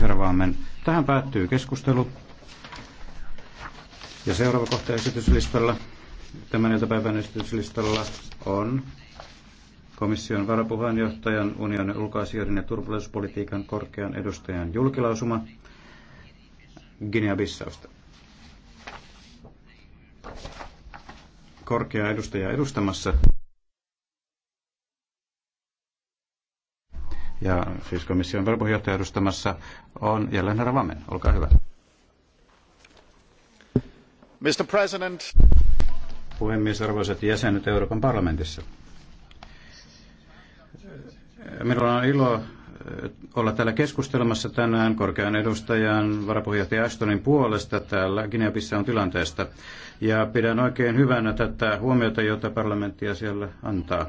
konservaamen. Tähän päättyy keskustelu. Ja seuraava kohta esityslistalla, tämän iltapäivän esityslistalla on komission varapuheenjohtajan unionin ulkoasioiden ja turvallisuuspolitiikan korkean edustajan julkilausuma Guinea-Bissausta. Korkea edustaja edustamassa ja siis komission varapuheenjohtaja edustamassa on jälleen herra Olkaa hyvä. Mr. President. Puhemies, arvoisat jäsenet Euroopan parlamentissa. Minulla on ilo eh, olla täällä keskustelemassa tänään korkean edustajan varapuheenjohtaja Ashtonin puolesta täällä Gineapissa on tilanteesta. Ja pidän oikein hyvänä tätä huomiota, jota parlamentti siellä antaa.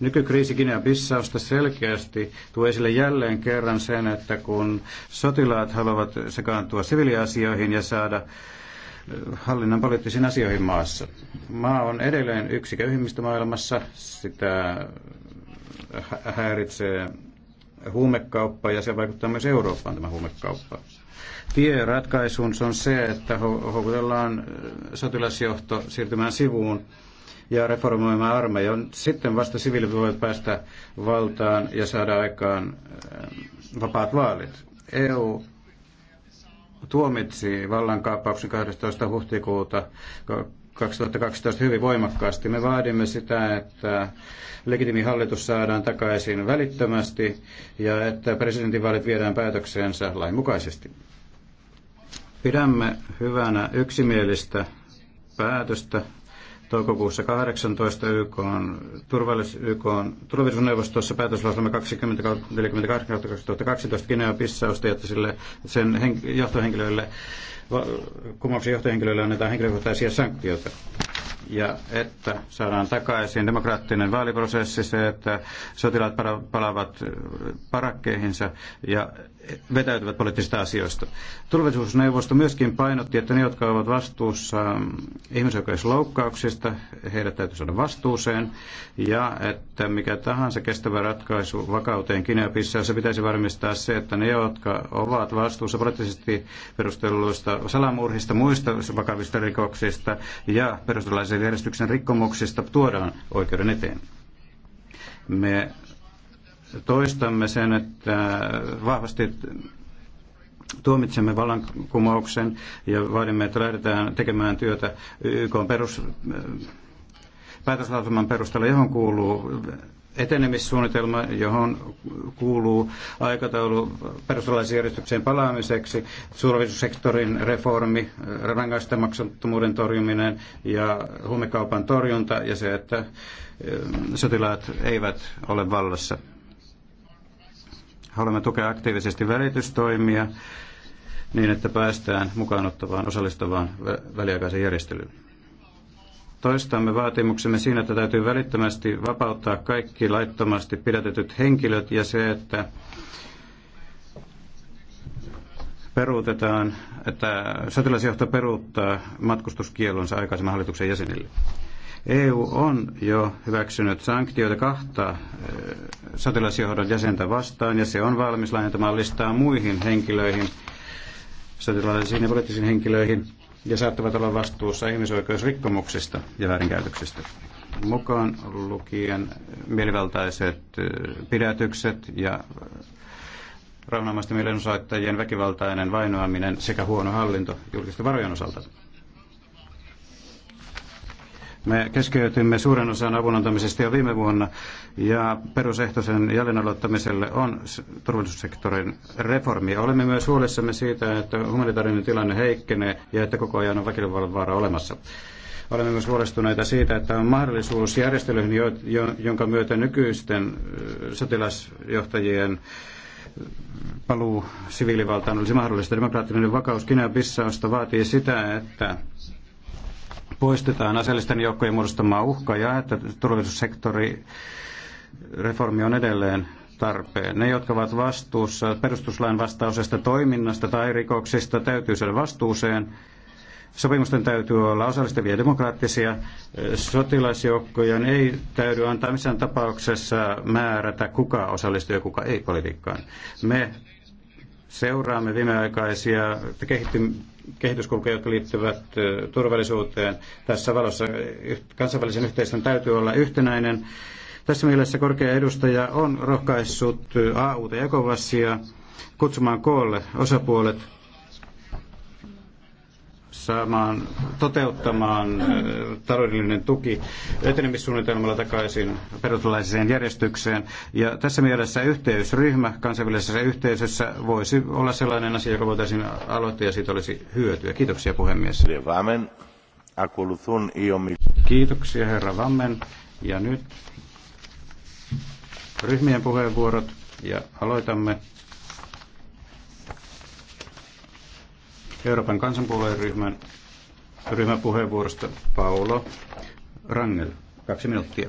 Nykykriisi Guinea-Bissausta selkeästi tuo esille jälleen kerran sen, että kun sotilaat haluavat sekaantua siviiliasioihin ja saada eh, hallinnan poliittisiin asioihin maassa. Maa on edelleen yksi köyhimmistä maailmassa, sitä eh, häiritsee huumekauppa ja se vaikuttaa myös Eurooppaan tämä huumekauppa. Tie ratkaisuun on se, että houkutellaan eh, sotilasjohto siirtymään sivuun ja reformoimaan armeijan. Sitten vasta siviilit voivat päästä valtaan ja saada aikaan eh, vapaat vaalit. EU tuomitsi vallankaappauksen 12. huhtikuuta 2012 hyvin voimakkaasti. Me vaadimme sitä, että legitimi hallitus saadaan takaisin välittömästi ja että presidentinvaalit viedään päätökseensä lainmukaisesti. Pidämme hyvänä yksimielistä päätöstä toukokuussa 18 YK on, turvallis, YK on turvallisuusneuvostossa päätöslauselma 2048-2012 Guinea pissausta, että sille, sen hen, johtohenkilöille, kumouksen johtohenkilöille annetaan henkilökohtaisia sanktioita ja että saadaan takaisin demokraattinen vaaliprosessi, se, että sotilaat palaavat parakkeihinsa ja vetäytyvät poliittisista asioista. Turvallisuusneuvosto myöskin painotti, että ne, jotka ovat vastuussa mm, ihmisoikeusloukkauksista, heidät täytyy saada vastuuseen, ja että mikä tahansa kestävä ratkaisu vakauteen Kineopissa, se pitäisi varmistaa se, että ne, jotka ovat vastuussa poliittisesti perustelluista salamurhista, muista vakavista rikoksista ja perustuslaisista kansainvälisen järjestyksen rikkomuksista tuodaan oikeuden eteen. Me toistamme sen, että vahvasti tuomitsemme vallankumouksen ja vaadimme, että lähdetään tekemään työtä YK perus, päätöslauselman perusteella, johon kuuluu etenemissuunnitelma, johon kuuluu aikataulu perustuslaisjärjestykseen palaamiseksi, turvallisuussektorin reformi, rangaistamaksettomuuden torjuminen ja huumekaupan torjunta ja se, että eh, sotilaat eivät ole vallassa. Haluamme tukea aktiivisesti välitystoimia niin, että päästään mukaan ottavaan osallistavaan väliaikaisen järjestelyyn. Toistamme vaatimuksemme siinä, että täytyy välittömästi vapauttaa kaikki laittomasti pidätetyt henkilöt ja se, että peruutetaan, että sotilasjohto peruuttaa matkustuskielonsa aikaisemman hallituksen jäsenille. EU on jo hyväksynyt sanktioita kahta eh, sotilasjohdon jäsentä vastaan ja se on valmis laajentamaan listaa muihin henkilöihin, sotilaallisiin ja poliittisiin henkilöihin, ja saattavat olla vastuussa ihmisoikeusrikkomuksista ja väärinkäytöksistä. Mukaan lukien mielivaltaiset pidätykset ja rauhanomaisten mielenosoittajien väkivaltainen vainoaminen sekä huono hallinto julkisten varojen osalta. Me keskeytimme suuren osan avunantamisesta jo viime vuonna ja perusehto sen jälleenaloittamiselle on turvallisuussektorin reformi. Olemme myös huolissamme siitä, että humanitaarinen tilanne heikkenee ja että koko ajan on väkivallan vaara olemassa. Olemme myös huolestuneita siitä, että on mahdollisuus järjestelyihin, jonka myötä nykyisten sotilasjohtajien paluu siviilivaltaan olisi mahdollista. Demokraattinen vakaus Kinea Bissausta vaatii sitä, että poistetaan aseellisten joukkojen muodostamaa uhka ja että turvallisuussektori reformi on edelleen tarpeen. Ne, jotka ovat vastuussa perustuslain vastausesta toiminnasta tai rikoksista, täytyy saada vastuuseen. Sopimusten täytyy olla osallistavia demokraattisia. Sotilasjoukkojen ei täydy antaa missään tapauksessa määrätä, kuka osallistuu ja kuka ei politiikkaan. Me seuraamme viimeaikaisia kehittymiä kehityskulkuja, jotka liittyvät turvallisuuteen. Tässä valossa kansainvälisen yhteistyön täytyy olla yhtenäinen. Tässä mielessä korkea edustaja on rohkaissut AUT ja kutsumaan koolle osapuolet saamaan, toteuttamaan taloudellinen tuki etenemissuunnitelmalla takaisin perustuslailliseen järjestykseen. Ja tässä mielessä yhteysryhmä kansainvälisessä yhteisössä voisi olla sellainen asia, joka voitaisiin aloittaa ja siitä olisi hyötyä. Kiitoksia puhemies. Kiitoksia herra Vammen. Ja nyt ryhmien puheenvuorot ja aloitamme Euroopan kansanpuolueen ryhmän ryhmäpuheenvuorosta Paolo Rangel. Kaksi minuuttia.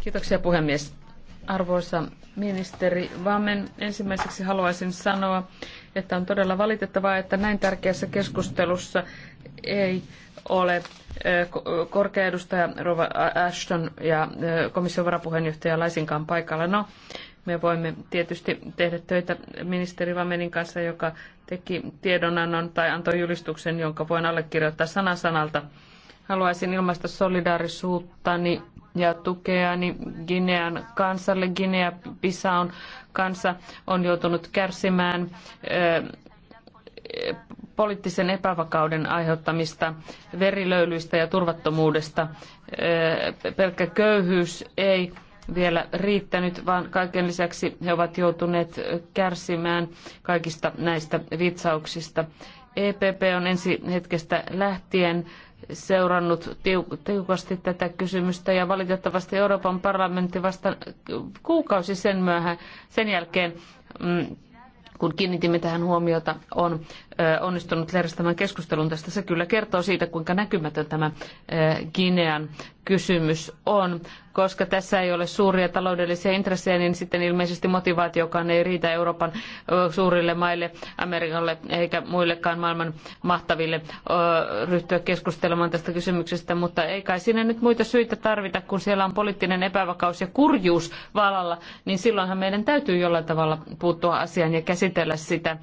Kiitoksia puhemies. Arvoisa ministeri Vamen, ensimmäiseksi haluaisin sanoa, että on todella valitettavaa, että näin tärkeässä keskustelussa ei ole korkea edustaja Rova Ashton ja komission varapuheenjohtaja laisinkaan paikalla. No, me voimme tietysti tehdä töitä ministeri Vamenin kanssa, joka teki tiedonannon tai antoi julistuksen, jonka voin allekirjoittaa sana sanalta. Haluaisin ilmaista solidaarisuuttani ja tukeani Ginean kansalle. Guinea Bissaun kansa on joutunut kärsimään poliittisen epävakauden aiheuttamista verilöylyistä ja turvattomuudesta. Pelkkä köyhyys ei vielä riittänyt, vaan kaiken lisäksi he ovat joutuneet kärsimään kaikista näistä vitsauksista. EPP on ensi hetkestä lähtien seurannut tiukasti tätä kysymystä ja valitettavasti Euroopan parlamentti vasta kuukausi sen myöhään, sen jälkeen mm, kun kiinnitimme tähän huomiota, on onnistunut järjestämään keskustelun tästä. Se kyllä kertoo siitä, kuinka näkymätön tämä Ginean kysymys on. Koska tässä ei ole suuria taloudellisia intressejä, niin sitten ilmeisesti motivaatiokaan ei riitä Euroopan suurille maille, Amerikalle eikä muillekaan maailman mahtaville ryhtyä keskustelemaan tästä kysymyksestä. Mutta ei kai siinä nyt muita syitä tarvita, kun siellä on poliittinen epävakaus ja kurjuus vallalla, niin silloinhan meidän täytyy jollain tavalla puuttua asiaan ja käsitellä sitä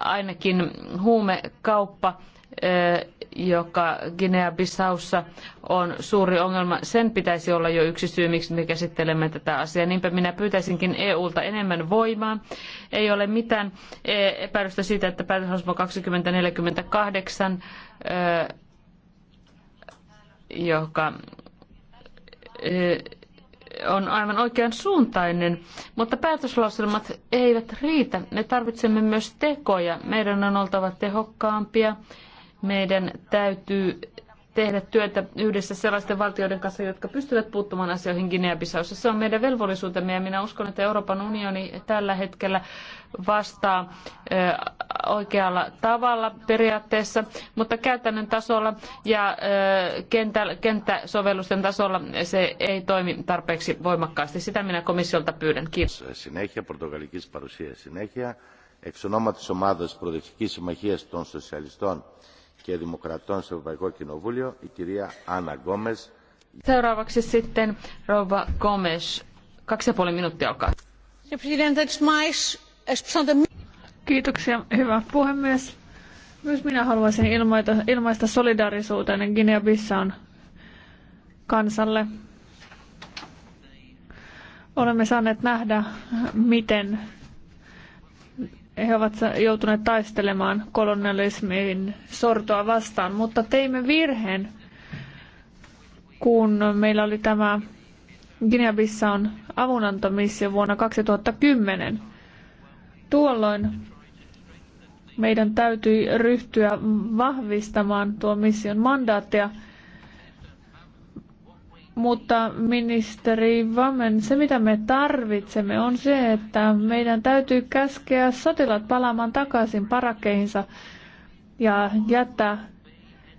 ainakin huumekauppa, joka Guinea-Bissaussa on suuri ongelma, sen pitäisi olla jo yksi syy, miksi me käsittelemme tätä asiaa. Niinpä minä pyytäisinkin EUlta enemmän voimaa. Ei ole mitään e, epäilystä siitä, että päätösosmo 2048, joka on aivan oikean suuntainen, mutta päätöslauselmat eivät riitä. Me tarvitsemme myös tekoja. Meidän on oltava tehokkaampia. Meidän täytyy tehdä työtä yhdessä sellaisten valtioiden kanssa, jotka pystyvät puuttumaan asioihin Guinea-Bissaussa. Se on meidän velvollisuutemme ja minä uskon, että Euroopan unioni tällä hetkellä vastaa oikealla tavalla periaatteessa, mutta käytännön tasolla ja kentä, kenttäsovellusten tasolla se ei toimi tarpeeksi voimakkaasti. Sitä minä komissiolta pyydän. Kiitos. εξ ονόματος ομάδας Προοδευτικής Συμμαχίας των Σοσιαλιστών και Δημοκρατών στο Ευρωπαϊκό Κοινοβούλιο, η κυρία Άννα Γκόμες. Kaksi ja puoli minuuttia, Kiitoksia, hyvä puhemies. Myös minä haluaisin ilmaita, ilmaista solidaarisuuteni Guinea-Bissaun kansalle. Olemme saaneet nähdä, miten he ovat joutuneet taistelemaan kolonialismin sortoa vastaan, mutta teimme virheen, kun meillä oli tämä Guinea-Bissau on avunantomissio vuonna 2010. Tuolloin meidän täytyi ryhtyä vahvistamaan tuon mission mandaattia – mutta ministeri Vamen, se mitä me tarvitsemme on se, että meidän täytyy käskeä sotilaat palaamaan takaisin parakkeihinsa ja jättää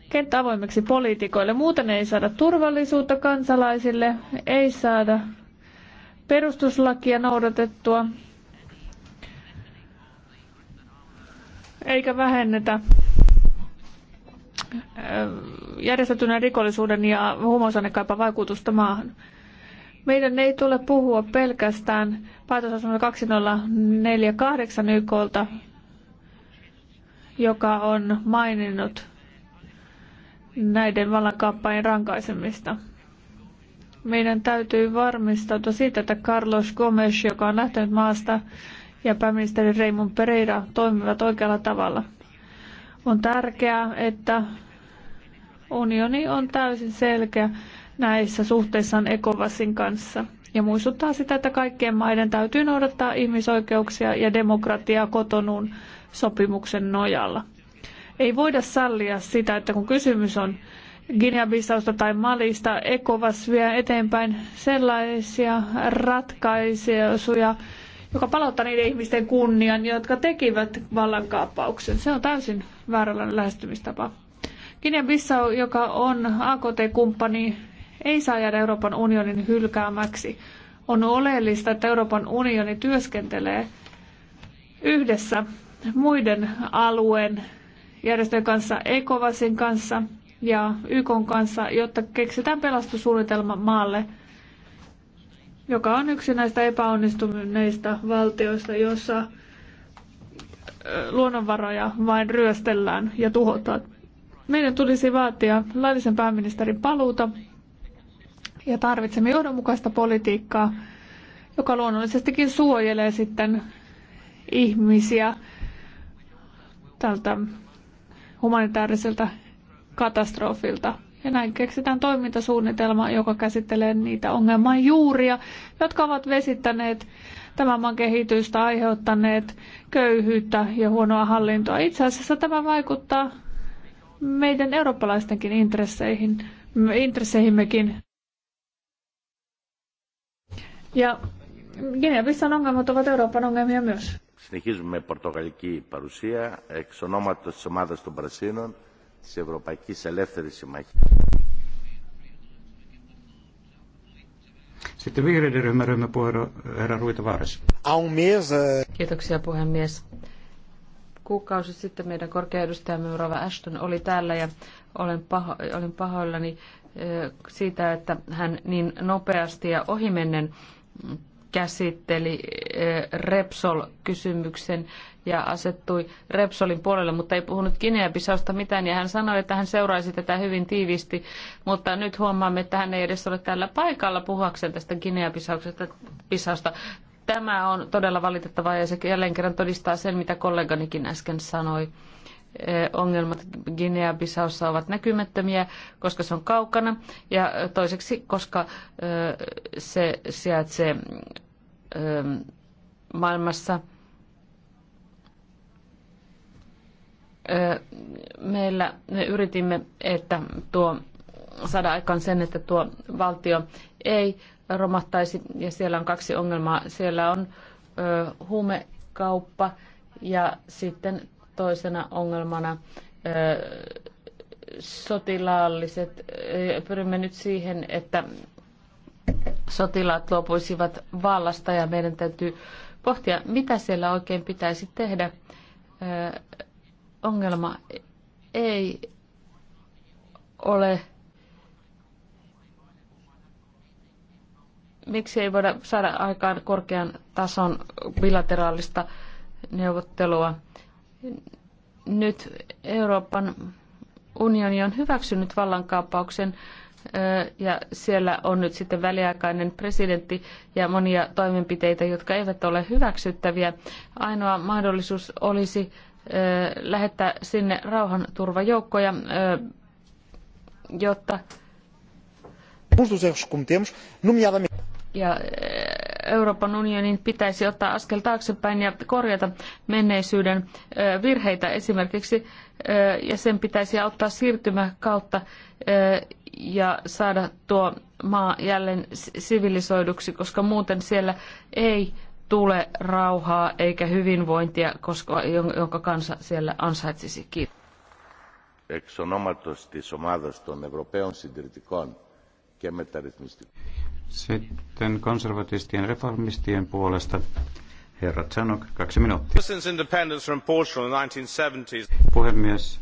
kenttä avoimeksi poliitikoille. Muuten ei saada turvallisuutta kansalaisille, ei saada perustuslakia noudatettua, eikä vähennetä Äh, järjestetynä rikollisuuden ja huumausainekaupan vaikutusta maahan. Meidän ei tule puhua pelkästään päätösasemalla 2048 YKlta, joka on maininnut näiden vallankaappain rankaisemista. Meidän täytyy varmistautua siitä, että Carlos Gomes, joka on lähtenyt maasta, ja pääministeri Raymond Pereira toimivat oikealla tavalla. On tärkeää, että unioni on täysin selkeä näissä suhteissaan ECOWASin kanssa ja muistuttaa sitä, että kaikkien maiden täytyy noudattaa ihmisoikeuksia ja demokratiaa kotonuun sopimuksen nojalla. Ei voida sallia sitä, että kun kysymys on Guinea-Bissausta tai Malista, ECOWAS vie eteenpäin sellaisia ratkaisuja, joka palauttaa niiden ihmisten kunnian, jotka tekivät vallankaappauksen. Se on täysin vääränlainen lähestymistapa. Guinea-Bissau, joka on AKT-kumppani, ei saa jäädä Euroopan unionin hylkäämäksi. On oleellista, että Euroopan unioni työskentelee yhdessä muiden alueen järjestöjen kanssa, ECOWASin kanssa ja YK kanssa, jotta keksitään pelastussuunnitelma maalle, joka on yksi näistä epäonnistuneista valtioista, jossa luonnonvaroja vain ryöstellään ja tuhotaan. Meidän tulisi vaatia laillisen pääministerin paluuta ja tarvitsemme johdonmukaista politiikkaa, joka luonnollisestikin suojelee sitten ihmisiä tältä humanitaariselta katastrofilta. Ja näin keksitään toimintasuunnitelma, joka käsittelee niitä ongelman juuria, jotka ovat vesittäneet tämän maan kehitystä aiheuttaneet köyhyyttä ja huonoa hallintoa. Itse asiassa tämä vaikuttaa meidän eurooppalaistenkin intresseihin, intresseihimmekin. Ja Guinea-Bissan ongelmat ovat Euroopan ongelmia myös. Συνεχίζουμε με πορτογαλική παρουσία εξ ονόματος της ομάδας των Πρασίνων της Ευρωπαϊκής Ελεύθερης Συμμαχίας. Sitten vihreiden ryhmä, ryhmäpuheenjohtaja herra Ruitavaares. Äh, Kiitoksia puhemies kuukausi sitten meidän korkea edustajamme Rova Ashton oli täällä ja olen, paho, olen pahoillani äh, siitä, että hän niin nopeasti ja ohimennen käsitteli eh, Repsol-kysymyksen ja asettui Repsolin puolelle, mutta ei puhunut Kineabisausta mitään. Ja hän sanoi, että hän seuraisi tätä hyvin tiiviisti, mutta nyt huomaamme, että hän ei edes ole täällä paikalla puhuakseen tästä Kineabisausta. Tämä on todella valitettavaa ja se jälleen kerran todistaa sen, mitä kolleganikin äsken sanoi. Eh, ongelmat Guinea-Bissaussa ovat näkymättömiä, koska se on kaukana ja toiseksi, koska eh, se sijaitsee Ähm, maailmassa. Äh, meillä me yritimme, että tuo saada aikaan sen, että tuo valtio ei romahtaisi ja siellä on kaksi ongelmaa. Siellä on ö, huumekauppa ja sitten toisena ongelmana ö, sotilaalliset. Pyrimme nyt siihen, että sotilaat luopuisivat vallasta ja meidän täytyy pohtia, mitä siellä oikein pitäisi tehdä. Ö, ongelma ei ole, miksi ei voida saada aikaan korkean tason bilateraalista neuvottelua. Nyt Euroopan unioni on hyväksynyt vallankaappauksen ja siellä on nyt sitten väliaikainen presidentti ja monia toimenpiteitä, jotka eivät ole hyväksyttäviä. Ainoa mahdollisuus olisi lähettää sinne rauhanturvajoukkoja, jotta ja Euroopan unionin pitäisi ottaa askel taaksepäin ja korjata menneisyyden virheitä esimerkiksi, ja sen pitäisi auttaa siirtymä kautta ja saada tuo maa jälleen sivilisoiduksi, koska muuten siellä ei tule rauhaa eikä hyvinvointia, koska, jonka kansa siellä ansaitsisi. Kiitos. Εξ ονόματος της ομάδας των Ευρωπαίων Συντηρητικών και Μεταρρυθμιστικών. Sitten konservatistien reformistien puolesta herra Chanok, kaksi minuuttia. Since independence from Portugal in 1970s. Puhemies,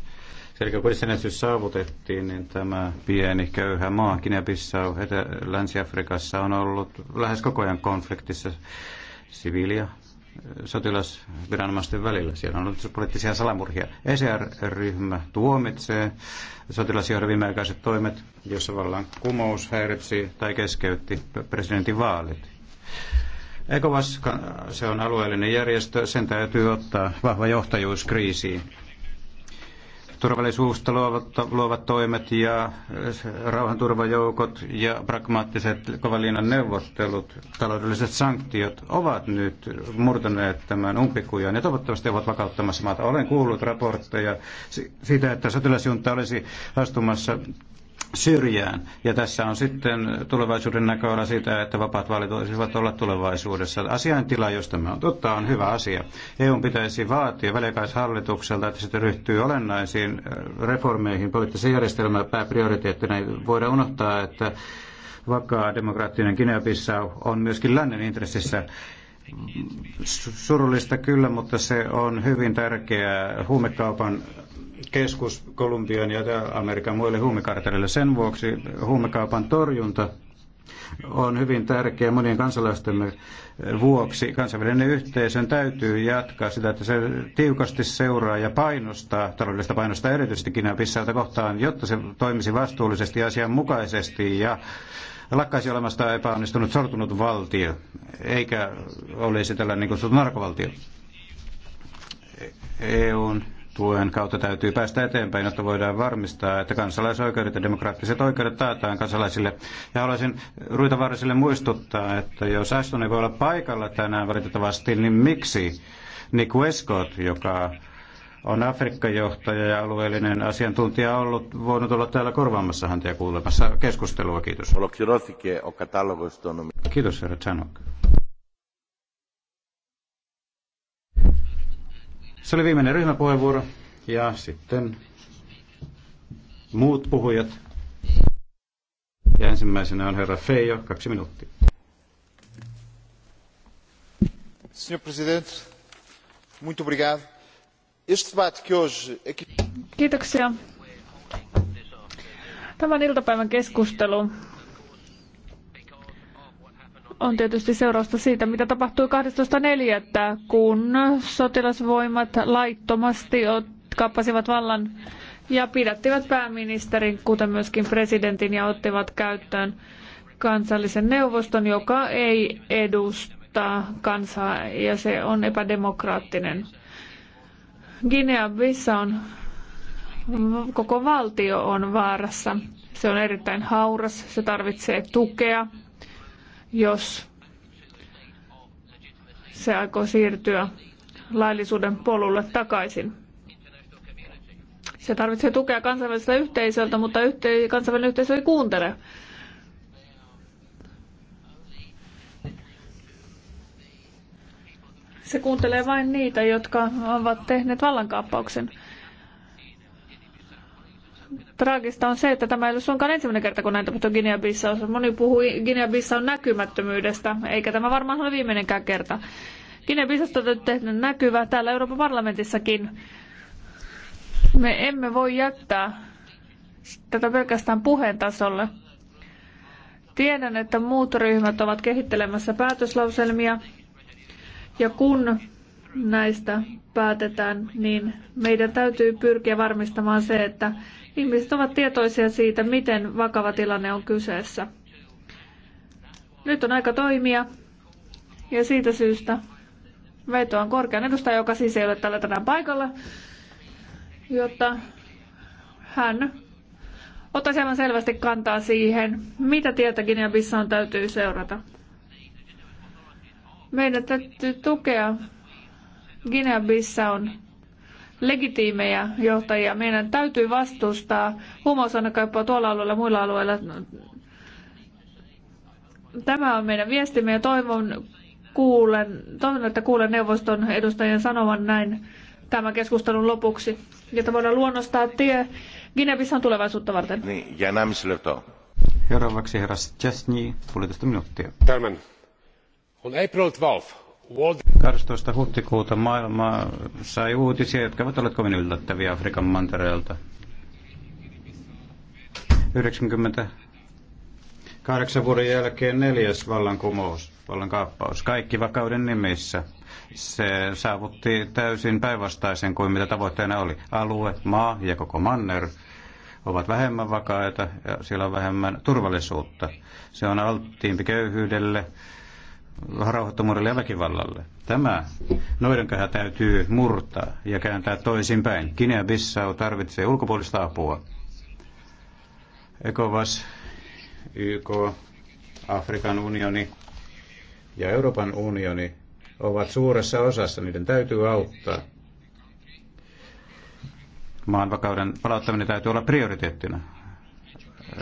Eli kun itsenäisyys saavutettiin, niin tämä pieni köyhä maa, Kinebissau, Länsi-Afrikassa on ollut lähes koko ajan konfliktissa siviilia sotilasviranomaisten välillä. Siellä on ollut poliittisia salamurhia. ECR-ryhmä tuomitsee sotilasjohdon viimeaikaiset toimet, joissa vallan kumous häiritsi tai keskeytti presidentin vaalit. ECOWAS, se on alueellinen järjestö, sen täytyy ottaa vahva johtajuus kriisiin turvallisuusta luovat, luovat toimet ja rauhanturvajoukot ja pragmaattiset kovaliinan neuvottelut, taloudelliset sanktiot ovat nyt murtaneet tämän umpikujan ja toivottavasti ovat vakauttamassa maata. Olen kuullut raportteja siitä, että sotilasjunta olisi astumassa syrjään. Ja tässä on sitten tulevaisuuden näköala sitä, että vapaat vaalit voisivat olla tulevaisuudessa. asiantila josta me on totta, on hyvä asia. EU pitäisi vaatia väliaikaishallitukselta, että se ryhtyy olennaisiin äh, reformeihin poliittisen järjestelmää pääprioriteettina. Voidaan unohtaa, että vakaa demokraattinen kinea on myöskin lännen intressissä surullista kyllä, mutta se on hyvin tärkeää huumekaupan keskus Kolumbian ja Amerikan muille huumekartereille. Sen vuoksi huumekaupan torjunta on hyvin tärkeä monien kansalaistemme vuoksi. Kansainvälinen yhteisön täytyy jatkaa sitä, että se tiukasti seuraa ja painostaa, taloudellista painostaa erityisesti Kiinaa kohtaan, jotta se toimisi vastuullisesti ja asianmukaisesti ja lakkaisi olemasta epäonnistunut sortunut valtio, eikä olisi tällainen niin kutsuttu narkovaltio. E- e- EUn tuen kautta täytyy päästä eteenpäin, jotta voidaan varmistaa, että kansalaisoikeudet ja demokraattiset oikeudet taataan kansalaisille. Ja haluaisin Ruitavaarisille muistuttaa, että jos Ashton ei voi olla paikalla tänään valitettavasti, niin miksi Nick Westcott, joka on Afrikka-johtaja ja alueellinen asiantuntija ollut, voinut olla täällä korvaamassa häntä ja kuulemassa keskustelua. Kiitos. Kiitos, herra Chanok. Se oli viimeinen ryhmäpuheenvuoro ja sitten muut puhujat. Ja ensimmäisenä on herra Feijo, kaksi minuuttia. Senhor Presidente, muito obrigado. Este debate que hoje aqui... Kiitoksia. Tämän iltapäivän keskustelu on tietysti seurausta siitä, mitä tapahtui 12.4., kun sotilasvoimat laittomasti kappasivat vallan ja pidättivät pääministerin, kuten myöskin presidentin, ja ottivat käyttöön kansallisen neuvoston, joka ei edusta kansaa, ja se on epädemokraattinen. Guinea-Bissau on koko valtio on vaarassa. Se on erittäin hauras, se tarvitsee tukea jos se aikoo siirtyä laillisuuden polulle takaisin. Se tarvitsee tukea kansainväliseltä yhteisöltä, mutta yhte- kansainvälinen yhteisö ei kuuntele. Se kuuntelee vain niitä, jotka ovat tehneet vallankaappauksen traagista on se, että tämä ei ole suinkaan ensimmäinen kerta, kun näin tapahtuu Guinea-Bissaussa. Moni puhui Guinea-Bissaun näkymättömyydestä, eikä tämä varmaan ole viimeinenkään kerta. Guinea-Bissausta on nyt tehnyt näkyvä täällä Euroopan parlamentissakin. Me emme voi jättää tätä pelkästään puheen tasolle. Tiedän, että muut ryhmät ovat kehittelemässä päätöslauselmia, ja kun näistä päätetään, niin meidän täytyy pyrkiä varmistamaan se, että Ihmiset ovat tietoisia siitä, miten vakava tilanne on kyseessä. Nyt on aika toimia ja siitä syystä vetoan korkean edustajan, joka siis ei ole tällä tänään paikalla, jotta hän ottaisi aivan selvästi kantaa siihen, mitä tietäkin ja missä on täytyy seurata. Meidän täytyy tukea Guinea-Bissaun legitiimejä johtajia. Meidän täytyy vastustaa huumausainekauppaa tuolla alueella ja muilla alueilla. Tämä on meidän viestimme ja toivon, kuulen, toivon että kuulen neuvoston edustajien sanovan näin tämän keskustelun lopuksi, jotta voidaan luonnostaa tie Ginevissan tulevaisuutta varten. Niin, ja Seuraavaksi herra Chesney, puolitoista minuuttia. Tämän on April 12. 12. huhtikuuta maailma sai uutisia, jotka ovat olleet kovin yllättäviä Afrikan mantereelta. 98 vuoden jälkeen neljäs vallankumous, vallankaappaus, kaikki vakauden nimissä. Se saavutti täysin päinvastaisen kuin mitä tavoitteena oli. Alue, maa ja koko manner ovat vähemmän vakaita ja siellä on vähemmän turvallisuutta. Se on alttiimpi köyhyydelle, rauhattomuudelle ja väkivallalle. Tämä noidankehä täytyy murtaa ja kääntää toisinpäin. Kinea-Bissau tarvitsee ulkopuolista apua. Ekovas, YK, Afrikan unioni ja Euroopan unioni ovat suuressa osassa. Niiden täytyy auttaa. maanvakauden palauttaminen täytyy olla prioriteettina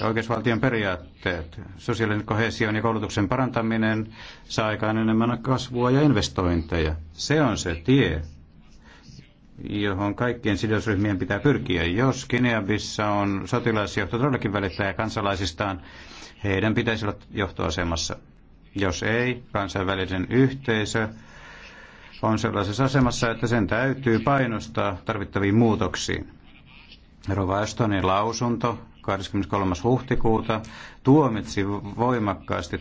oikeusvaltion periaatteet, sosiaalinen kohesio ja koulutuksen parantaminen saa aikaan enemmän kasvua ja investointeja. Se on se tie, johon kaikkien sidosryhmien pitää pyrkiä. Jos Kineabissa on sotilasjohto todellakin välittää kansalaisistaan, heidän pitäisi olla johtoasemassa. Jos ei, kansainvälisen yhteisö on sellaisessa asemassa, että sen täytyy painostaa tarvittaviin muutoksiin. Estonin lausunto 23. huhtikuuta tuomitsi voimakkaasti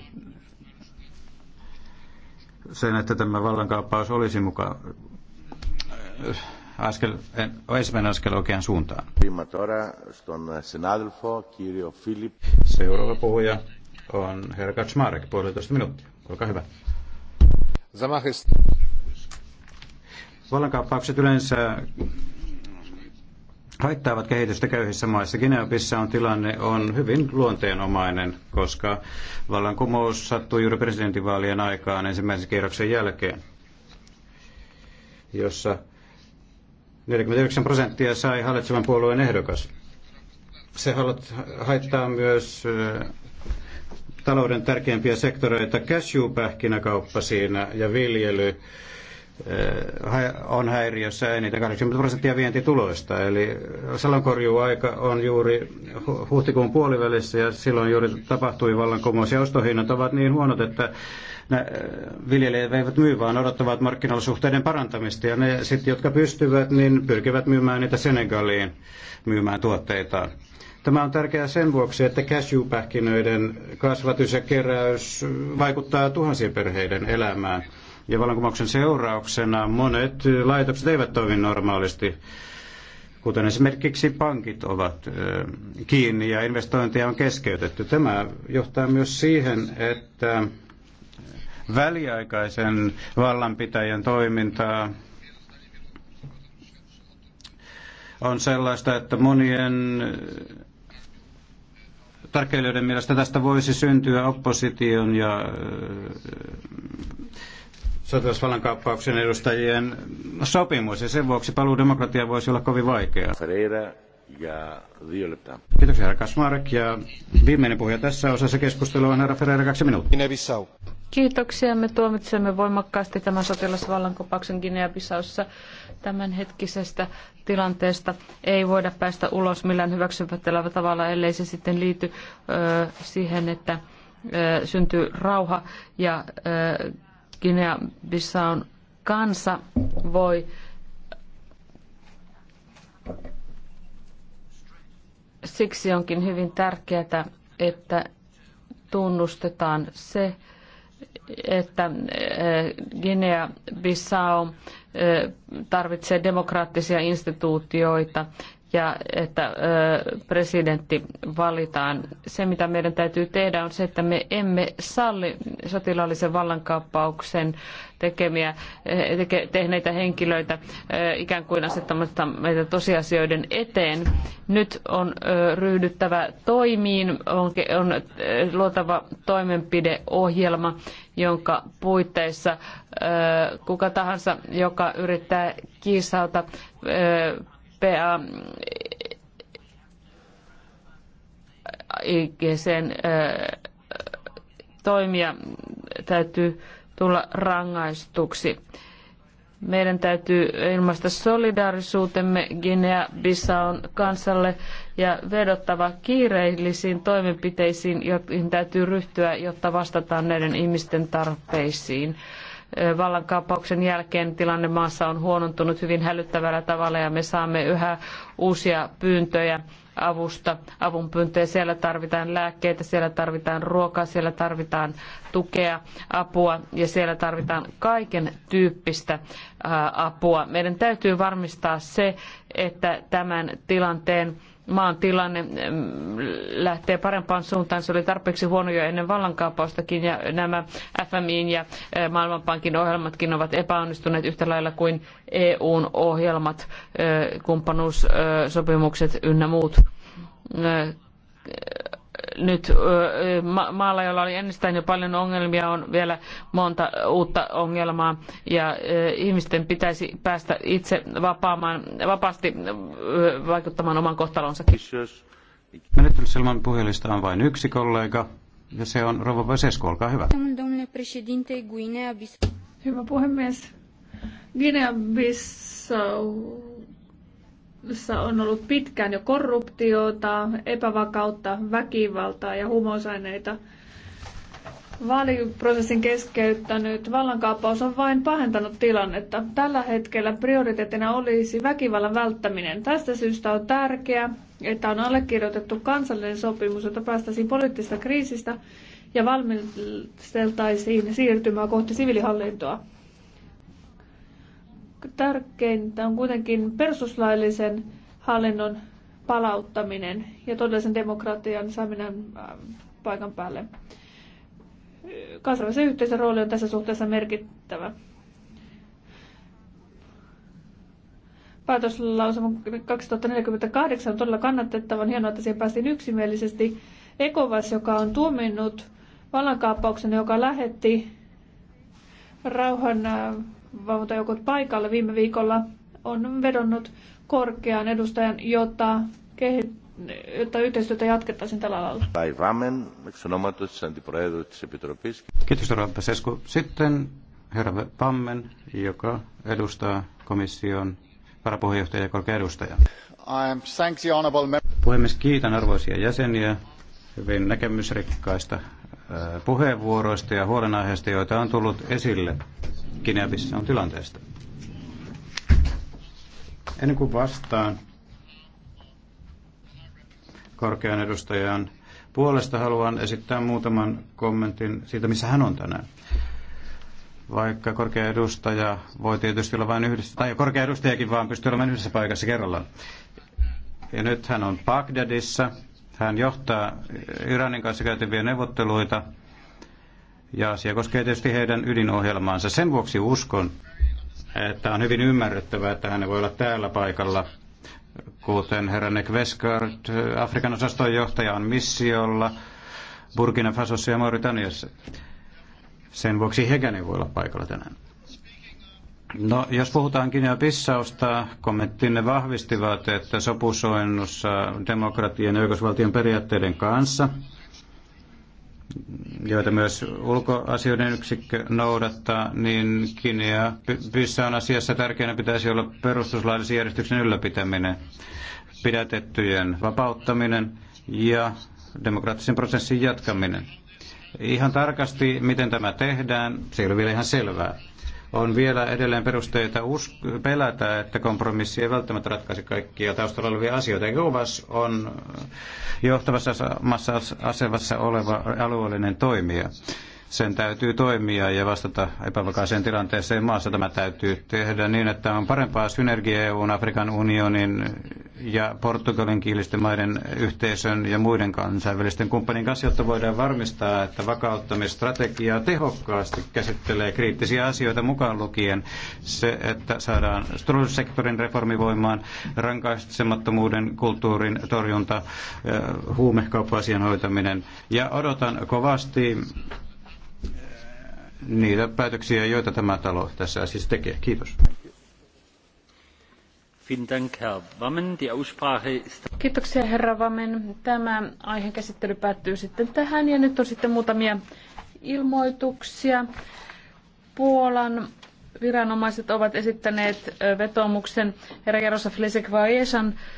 sen, että tämä vallankaappaus olisi mukaan äh, askel, ensimmäinen askel oikeaan suuntaan. Seuraava puhuja on herra Kaczmarek, puolitoista minuuttia. Olkaa hyvä. Zamahist. Vallankaappaukset yleensä haittaavat kehitystä köyhissä maissa. Gineopissa on tilanne on hyvin luonteenomainen, koska vallankumous sattui juuri presidentinvaalien aikaan ensimmäisen kierroksen jälkeen, jossa 49 prosenttia sai hallitsevan puolueen ehdokas. Se haittaa myös talouden tärkeimpiä sektoreita, cashew-pähkinäkauppa siinä ja viljely Eh, on häiriössä eniten 80 prosenttia vientituloista. Eli salonkorjuuaika on juuri huhtikuun puolivälissä ja silloin juuri tapahtui vallankumous ja ostohinnat ovat niin huonot, että viljelijät eivät myy, vaan odottavat markkinoilla parantamista ja ne sitten, jotka pystyvät, niin pyrkivät myymään niitä Senegaliin myymään tuotteitaan. Tämä on tärkeää sen vuoksi, että cashew-pähkinöiden kasvatus ja keräys vaikuttaa tuhansien perheiden elämään ja vallankumouksen seurauksena monet laitokset eivät toimi normaalisti kuten esimerkiksi pankit ovat kiinni ja investointeja on keskeytetty. Tämä johtaa myös siihen, että väliaikaisen vallanpitäjän toimintaa on sellaista, että monien tarkkailijoiden mielestä tästä voisi syntyä opposition ja sotilasvallankaappauksen edustajien sopimus, ja sen vuoksi paluu demokratia voisi olla kovin vaikeaa. Kiitoksia, herra Kasmarek. Ja viimeinen puhuja tässä osassa keskustelua on herra Ferreira, kaksi minuuttia. Kiitoksia. Me tuomitsemme voimakkaasti tämän sotilasvallankopauksen Guinea-Bissaussa tämänhetkisestä tilanteesta. Ei voida päästä ulos millään hyväksymättömällä tavalla, ellei se sitten liity ö, siihen, että ö, syntyy rauha ja ö, guinea Bissau kansa voi siksi onkin hyvin tärkeää, että tunnustetaan se, että eh, Guinea-Bissau eh, tarvitsee demokraattisia instituutioita ja että presidentti valitaan. Se, mitä meidän täytyy tehdä, on se, että me emme salli sotilaallisen vallankaappauksen tekemiä, teke, tehneitä henkilöitä ikään kuin asettamatta meitä tosiasioiden eteen. Nyt on ryhdyttävä toimiin, on, on luotava toimenpideohjelma, jonka puitteissa kuka tahansa, joka yrittää kiisautta suppea eh, eh, sen eh, toimia täytyy tulla rangaistuksi. Meidän täytyy ilmaista solidaarisuutemme Guinea-Bissaun kansalle ja vedottava kiireellisiin toimenpiteisiin, joihin täytyy ryhtyä, jotta vastataan näiden ihmisten tarpeisiin vallankaappauksen jälkeen tilanne maassa on huonontunut hyvin hälyttävällä tavalla ja me saamme yhä uusia pyyntöjä avusta, avunpyyntöjä. Siellä tarvitaan lääkkeitä, siellä tarvitaan ruokaa, siellä tarvitaan tukea, apua ja siellä tarvitaan kaiken tyyppistä apua. Meidän täytyy varmistaa se, että tämän tilanteen maan tilanne mm, lähtee parempaan suuntaan. Se oli tarpeeksi huono jo ennen vallankaappaustakin ja nämä FMIin ja eh, Maailmanpankin ohjelmatkin ovat epäonnistuneet yhtä lailla kuin EUn ohjelmat, eh, kumppanuussopimukset eh, ynnä muut nyt ma- maalla, jolla oli ennestään jo paljon ongelmia, on vielä monta uutta ongelmaa ja ihmisten pitäisi päästä itse vapaamaan, vapaasti vaikuttamaan oman kohtalonsa. Menettelyselman puhelista on vain yksi kollega ja se on Rova Vesesku, olkaa hyvä. Hyvä puhemies. Guinea-Bissau on ollut pitkään jo korruptiota, epävakautta, väkivaltaa ja humosaineita. Vaaliprosessin keskeyttänyt vallankaappaus on vain pahentanut tilannetta. Tällä hetkellä prioriteettina olisi väkivallan välttäminen. Tästä syystä on tärkeää, että on allekirjoitettu kansallinen sopimus, jota päästäisiin poliittisesta kriisistä ja valmisteltaisiin siirtymää kohti siviilihallintoa. Tärkeintä on kuitenkin perustuslaillisen hallinnon palauttaminen ja todellisen demokratian saaminen äh, paikan päälle. Kansainvälisen yhteisön rooli on tässä suhteessa merkittävä. Päätöslausuma 2048 on todella kannatettava. On hienoa, että siihen päästiin yksimielisesti. Ekovas, joka on tuominnut vallankaappauksen, joka lähetti rauhan äh, valvontajoukot paikalle viime viikolla on vedonnut korkean edustajan, jotta, kehi- jotta yhteistyötä jatkettaisiin tällä alalla. Kiitos, Rauha Pesesku. Sitten herra Pammen, joka edustaa komission varapuheenjohtaja ja korkea edustaja. Puhemies, kiitän arvoisia jäseniä hyvin näkemysrikkaista äh, puheenvuoroista ja huolenaiheista, joita on tullut esille Kinevissa on tilanteesta. Ennen kuin vastaan korkean edustajan puolesta, haluan esittää muutaman kommentin siitä, missä hän on tänään. Vaikka korkea edustaja voi tietysti olla vain yhdessä, tai korkea edustajakin vaan pystyy olemaan yhdessä paikassa kerrallaan. Ja nyt hän on Bagdadissa. Hän johtaa Iranin kanssa käytäviä neuvotteluita ja asia koskee tietysti heidän ydinohjelmaansa. Sen vuoksi uskon, että on hyvin ymmärrettävää, että hän voi olla täällä paikalla, kuten herra Nick Westgard, Afrikan osaston johtaja on missiolla Burkina Fasossa ja Mauritaniassa. Sen vuoksi hekään ei voi olla paikalla tänään. No, jos puhutaan Kinean pissausta, kommenttinne vahvistivat, että sopusoinnussa demokratian ja oikeusvaltion periaatteiden kanssa – joita myös ulkoasioiden yksikkö noudattaa, niin Kinia Pyyssä on asiassa tärkeänä pitäisi olla perustuslaillisen järjestyksen ylläpitäminen, pidätettyjen vapauttaminen ja demokraattisen prosessin jatkaminen. Ihan tarkasti, miten tämä tehdään, se ei ole vielä ihan selvää. On vielä edelleen perusteita usk- pelätä, että kompromissi ei välttämättä ratkaise kaikkia taustalla olevia asioita. Juvas on johtavassa asemassa oleva alueellinen toimija sen täytyy toimia ja vastata epävakaaseen tilanteeseen maassa. Tämä täytyy tehdä niin, että on parempaa synergiaa EUn, Afrikan unionin ja Portugalin kielisten maiden yhteisön ja muiden kansainvälisten kumppanin kanssa, jotta voidaan varmistaa, että vakauttamistrategia tehokkaasti käsittelee kriittisiä asioita mukaan lukien se, että saadaan turvallisuussektorin reformivoimaan, rankaisemattomuuden kulttuurin torjunta, eh, huumekauppa-asian hoitaminen. Ja odotan kovasti niitä päätöksiä, joita tämä talo tässä asiassa tekee. Kiitos. Kiitoksia herra Vamen. Tämä aiheen käsittely päättyy sitten tähän ja nyt on sitten muutamia ilmoituksia. Puolan viranomaiset ovat esittäneet vetoomuksen herra Jaroslav Lesek